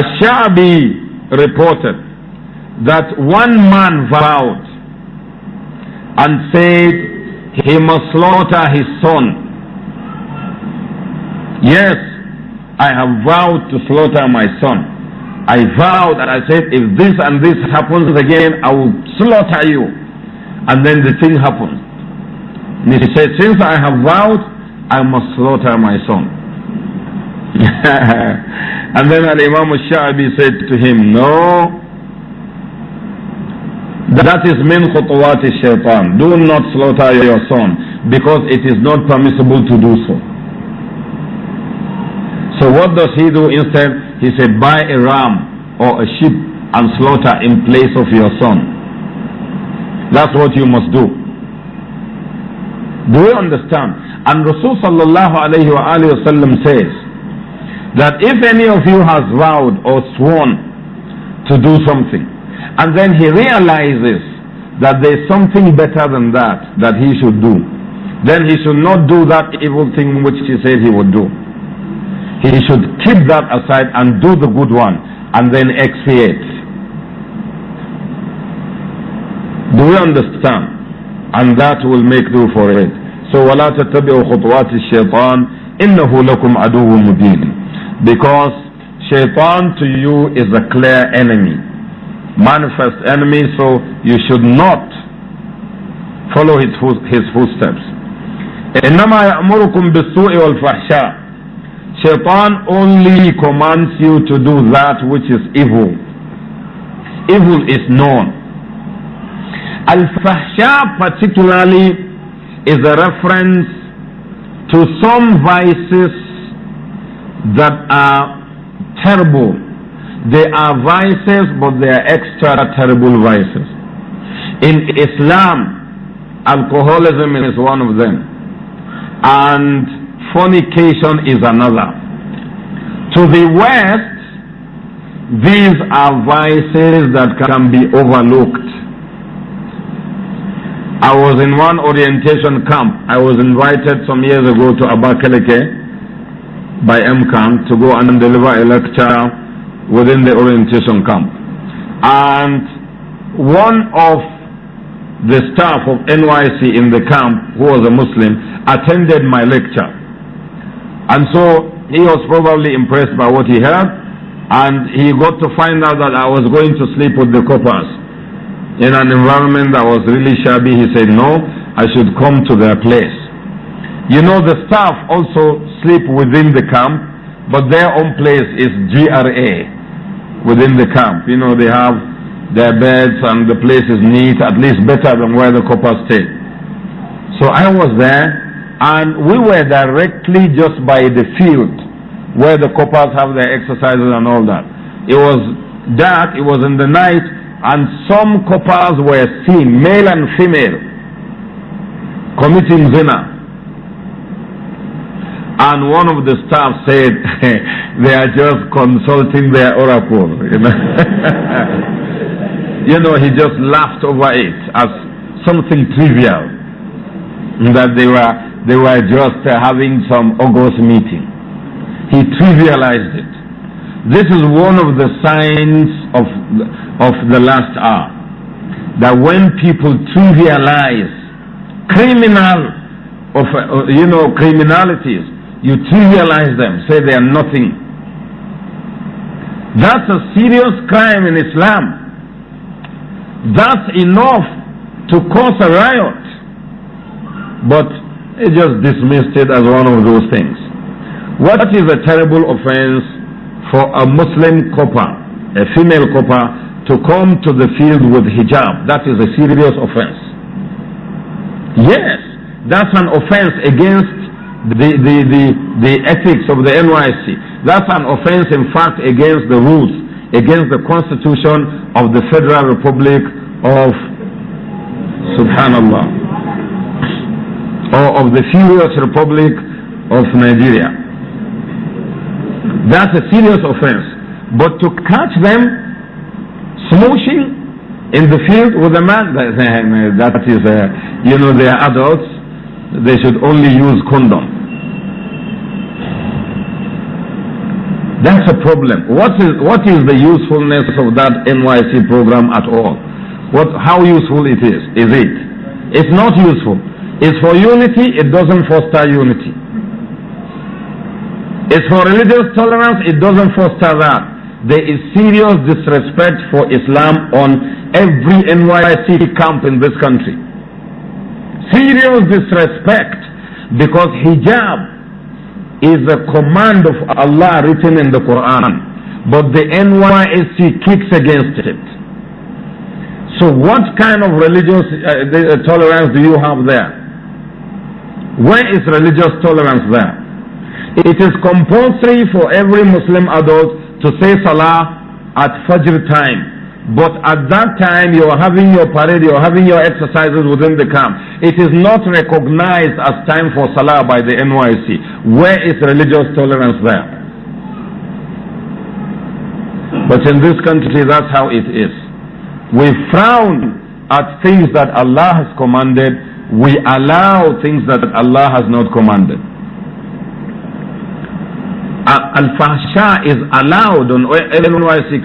Ash-Sha'bi reported that one man vowed and said he must slaughter his son. Yes, I have vowed to slaughter my son. I vowed and I said, if this and this happens again, I will slaughter you. And then the thing happened. And he said, Since I have vowed, I must slaughter my son. and then Al Imam Sha'bi said to him, No, that is min khutuwati shaitan. Do not slaughter your son because it is not permissible to do so. So what does he do instead? He said, Buy a ram or a sheep and slaughter in place of your son. That's what you must do. Do you understand? And Rasul sallallahu alayhi wa says that if any of you has vowed or sworn to do something, and then he realizes that there is something better than that that he should do, then he should not do that evil thing which he said he would do. He should keep that aside and do the good one and then expiate. Do we understand? And that will make do for it. So وَلَا تَتَّبِعُوا خُطْوَاتِ الشَّيْطَانِ إِنَّهُ لَكُمْ عَدُوٌّ مُبِينٌ Because shaitan to you is a clear enemy, manifest enemy, so you should not follow his, his footsteps. إِنَّمَا يَأْمُرُكُمْ بِالسُّوءِ وَالْفَحْشَاءِ Shaitan only commands you to do that which is evil. Evil is known. Al-Fahsha particularly is a reference to some vices that are terrible. They are vices, but they are extra terrible vices. In Islam, alcoholism is one of them, and fornication is another. To the West, these are vices that can be overlooked I was in one orientation camp. I was invited some years ago to Abakaleke by MCAN to go and deliver a lecture within the orientation camp. And one of the staff of NYC in the camp, who was a Muslim, attended my lecture. And so he was probably impressed by what he heard, and he got to find out that I was going to sleep with the coppers in an environment that was really shabby, he said, No, I should come to their place. You know, the staff also sleep within the camp, but their own place is GRA within the camp. You know, they have their beds and the place is neat, at least better than where the coppers stay. So I was there, and we were directly just by the field where the coppers have their exercises and all that. It was dark, it was in the night, and some couples were seen, male and female, committing zina. And one of the staff said, they are just consulting their oracle. You know? you know, he just laughed over it as something trivial that they were, they were just uh, having some August meeting. He trivialized it. This is one of the signs of the, of the last hour. That when people trivialize realize criminal of uh, uh, you know criminalities, you trivialize them, say they are nothing. That's a serious crime in Islam. That's enough to cause a riot. But it just dismissed it as one of those things. What is a terrible offense for a Muslim couple a female copa to come to the field with hijab. That is a serious offense. Yes, that's an offense against the, the, the, the ethics of the NYC. That's an offense, in fact, against the rules, against the constitution of the Federal Republic of Subhanallah, or of the furious Republic of Nigeria. That's a serious offense but to catch them smooshing in the field with a man, uh, that is, uh, you know, they are adults, they should only use condom. That's a problem. What is, what is the usefulness of that NYC program at all? What, how useful it is? Is it? It's not useful. It's for unity, it doesn't foster unity. It's for religious tolerance, it doesn't foster that there is serious disrespect for Islam on every NYC camp in this country. Serious disrespect because hijab is a command of Allah written in the Quran, but the NYSC kicks against it. So, what kind of religious uh, uh, tolerance do you have there? Where is religious tolerance there? It is compulsory for every Muslim adult to say salah at Fajr time. But at that time, you are having your parade, you are having your exercises within the camp. It is not recognized as time for salah by the NYC. Where is religious tolerance there? But in this country, that's how it is. We frown at things that Allah has commanded. We allow things that Allah has not commanded al-fahsha is allowed on LNYC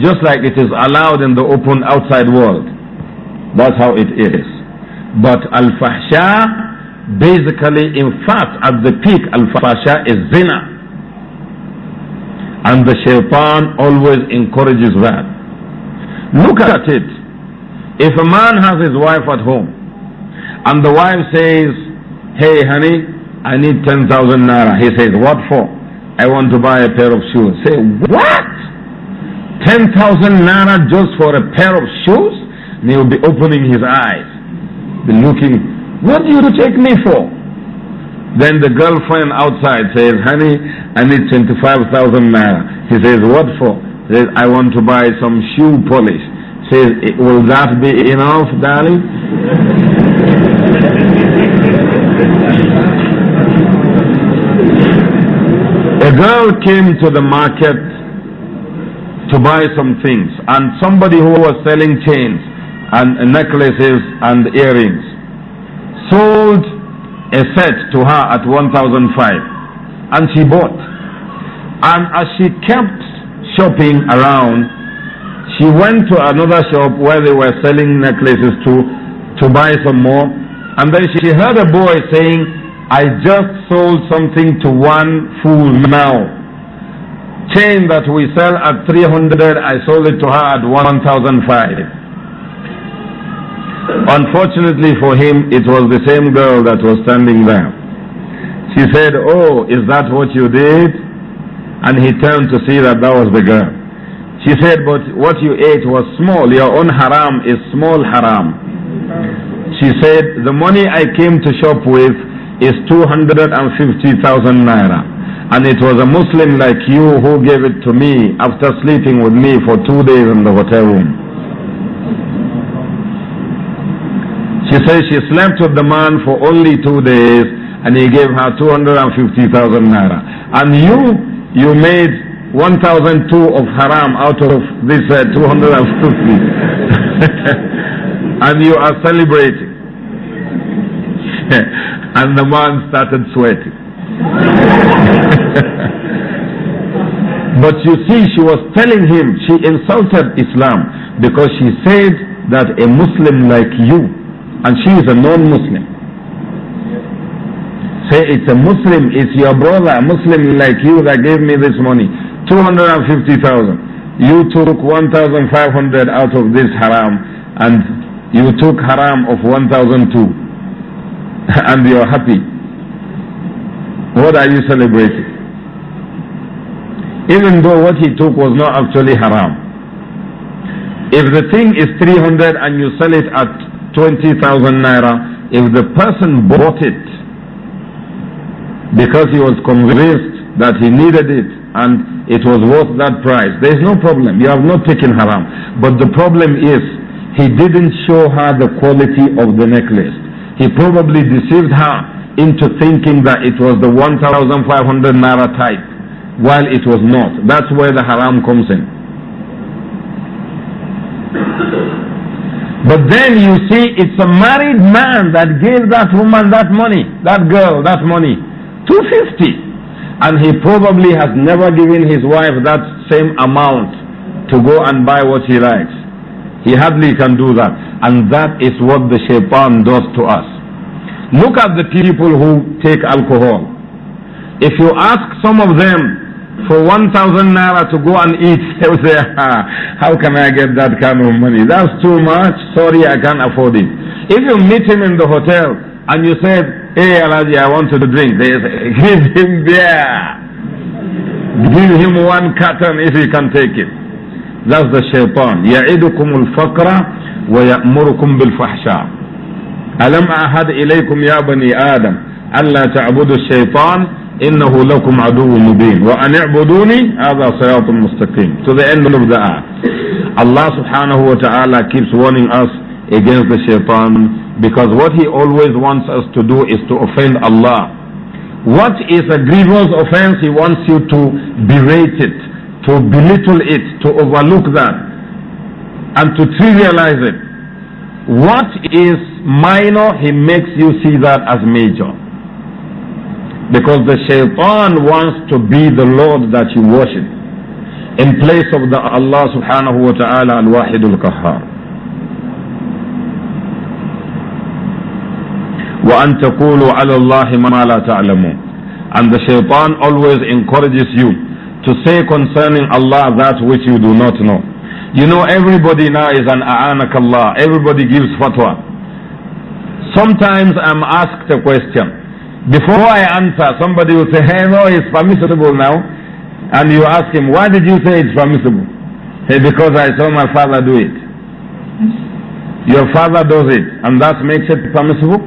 just like it is allowed in the open outside world. That's how it is. But al-fahsha, basically, in fact, at the peak, al-fahsha is zina. And the shaitan always encourages that. Look at it. If a man has his wife at home, and the wife says, hey honey, I need 10,000 naira. He says, what for? I want to buy a pair of shoes. Say, what? 10,000 naira just for a pair of shoes? And he'll be opening his eyes, be looking, what do you take me for? Then the girlfriend outside says, honey, I need 25,000 naira. He says, what for? He says, I want to buy some shoe polish. He says, will that be enough, darling? girl came to the market to buy some things, and somebody who was selling chains and necklaces and earrings sold a set to her at 1005 and she bought and as she kept shopping around she went to another shop where they were selling necklaces to to buy some more and then she heard a boy saying I just sold something to one fool now. Chain that we sell at 300, I sold it to her at 1,005. Unfortunately for him, it was the same girl that was standing there. She said, Oh, is that what you did? And he turned to see that that was the girl. She said, But what you ate was small. Your own haram is small haram. She said, The money I came to shop with is 250,000 naira. And it was a Muslim like you who gave it to me after sleeping with me for two days in the hotel room. She says she slept with the man for only two days and he gave her 250,000 naira. And you, you made 1,002 of haram out of this uh, 250. and you are celebrating. and the man started sweating. but you see, she was telling him, she insulted Islam because she said that a Muslim like you, and she is a non-Muslim, say it's a Muslim, it's your brother, a Muslim like you that gave me this money, 250,000. You took 1,500 out of this haram, and you took haram of 1,002. and you're happy. What are you celebrating? Even though what he took was not actually haram. If the thing is 300 and you sell it at 20,000 naira, if the person bought it because he was convinced that he needed it and it was worth that price, there is no problem. You have not taken haram. But the problem is, he didn't show her the quality of the necklace. He probably deceived her into thinking that it was the 1,500 naira type, while it was not. That's where the haram comes in. But then you see, it's a married man that gave that woman that money, that girl that money, 250. And he probably has never given his wife that same amount to go and buy what he likes. He hardly can do that. And that is what the shaitan does to us. Look at the people who take alcohol. If you ask some of them for 1,000 naira to go and eat, they will say, ah, how can I get that kind of money? That's too much. Sorry, I can't afford it. If you meet him in the hotel and you say, hey, Alaji, I want to drink, they say, give him beer. Give him one carton if he can take it. That's الشيطان shaitan. يَعِدُكُمُ الْفَقْرَ وَيَأْمُرُكُمْ بِالْفَحْشَاءِ أَلَمْ أَحَدْ إِلَيْكُمْ يَا بَنِي آدَمَ أَلَّا تَعْبُدُوا الشَّيْطَانَ إِنَّهُ لَكُمْ عَدُوٌّ مُبِينٌ وَأَنِ اعْبُدُونِي هَذَا صِرَاطٌ مُسْتَقِيمٌ To the end of the ayah. Allah subhanahu wa ta'ala keeps warning us against the shaitan because what he always wants us to do is to offend Allah. What is a grievous offense, he wants you to berate it to belittle it, to overlook that, and to trivialize it. What is minor, he makes you see that as major. Because the shaitan wants to be the Lord that you worship in place of the Allah subhanahu wa ta'ala al-wahid وأن تقولوا على الله ما لا تعلمون and the shaitan always encourages you to say concerning Allah that which you do not know. You know, everybody now is an a'anakallah. Everybody gives fatwa. Sometimes I'm asked a question. Before I answer, somebody will say, hey, no, it's permissible now. And you ask him, why did you say it's permissible? Hey, because I saw my father do it. Your father does it, and that makes it permissible?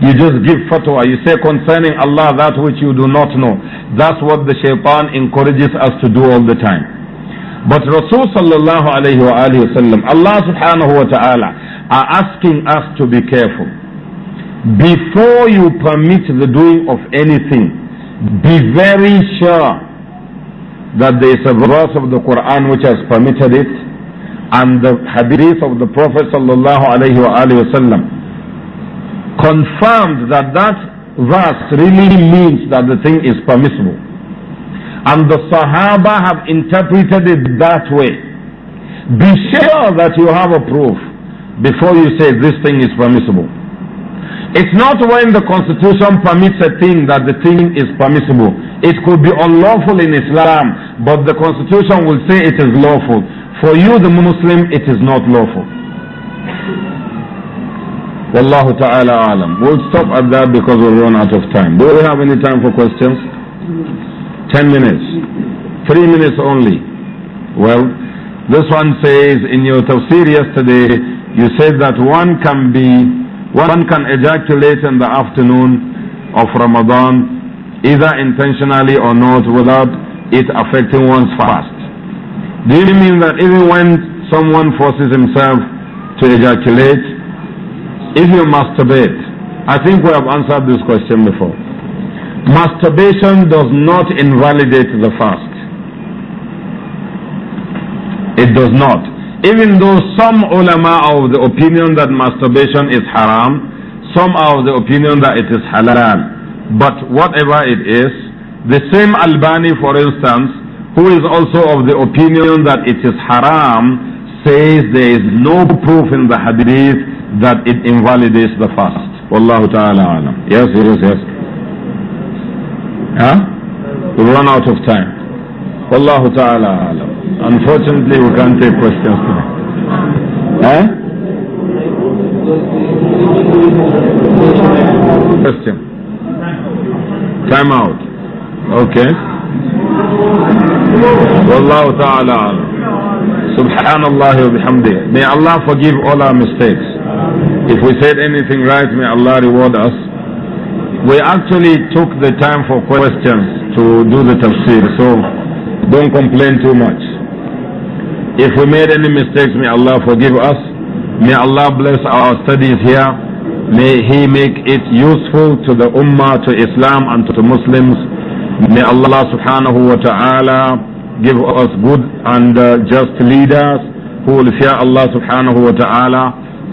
You just give fatwa. You say concerning Allah that which you do not know. That's what the shaitan encourages us to do all the time. But Rasul sallallahu alayhi wa sallam, Allah subhanahu wa ta'ala are asking us to be careful. Before you permit the doing of anything, be very sure that there is a verse of the Quran which has permitted it and the hadith of the Prophet sallallahu alayhi wa sallam confirmed that that verse really means that the thing is permissible. And the Sahaba have interpreted it that way. Be sure that you have a proof before you say this thing is permissible. It's not when the constitution permits a thing that the thing is permissible. It could be unlawful in Islam, but the constitution will say it is lawful. For you, the Muslim, it is not lawful. Wallahu ta'ala alam. We'll stop at that because we'll run out of time. Do we have any time for questions? Ten minutes. Three minutes only. Well, this one says, in your tafsir yesterday, you said that one can be, one can ejaculate in the afternoon of Ramadan, either intentionally or not, without it affecting one's fast. Do you mean that even when someone forces himself to ejaculate, if you masturbate, I think we have answered this question before. Masturbation does not invalidate the fast. It does not. Even though some ulama are of the opinion that masturbation is haram, some are of the opinion that it is halal. But whatever it is, the same Albani, for instance, who is also of the opinion that it is haram, says there is no proof in the hadith that it invalidates the fast. Wallahu ta'ala alam. Yes, it is, yes. Huh? we run out of time. Wallahu ta'ala alam. Unfortunately, we can't take questions today. Huh? Question. Time out. Okay. Wallahu ta'ala alam. Subhanallah wa bihamdih. May Allah forgive all our mistakes. If we said anything right, may Allah reward us. We actually took the time for questions to do the tafsir, so don't complain too much. If we made any mistakes, may Allah forgive us. May Allah bless our studies here. May He make it useful to the Ummah, to Islam, and to the Muslims. May Allah subhanahu wa ta'ala give us good and uh, just leaders who will fear Allah subhanahu wa ta'ala.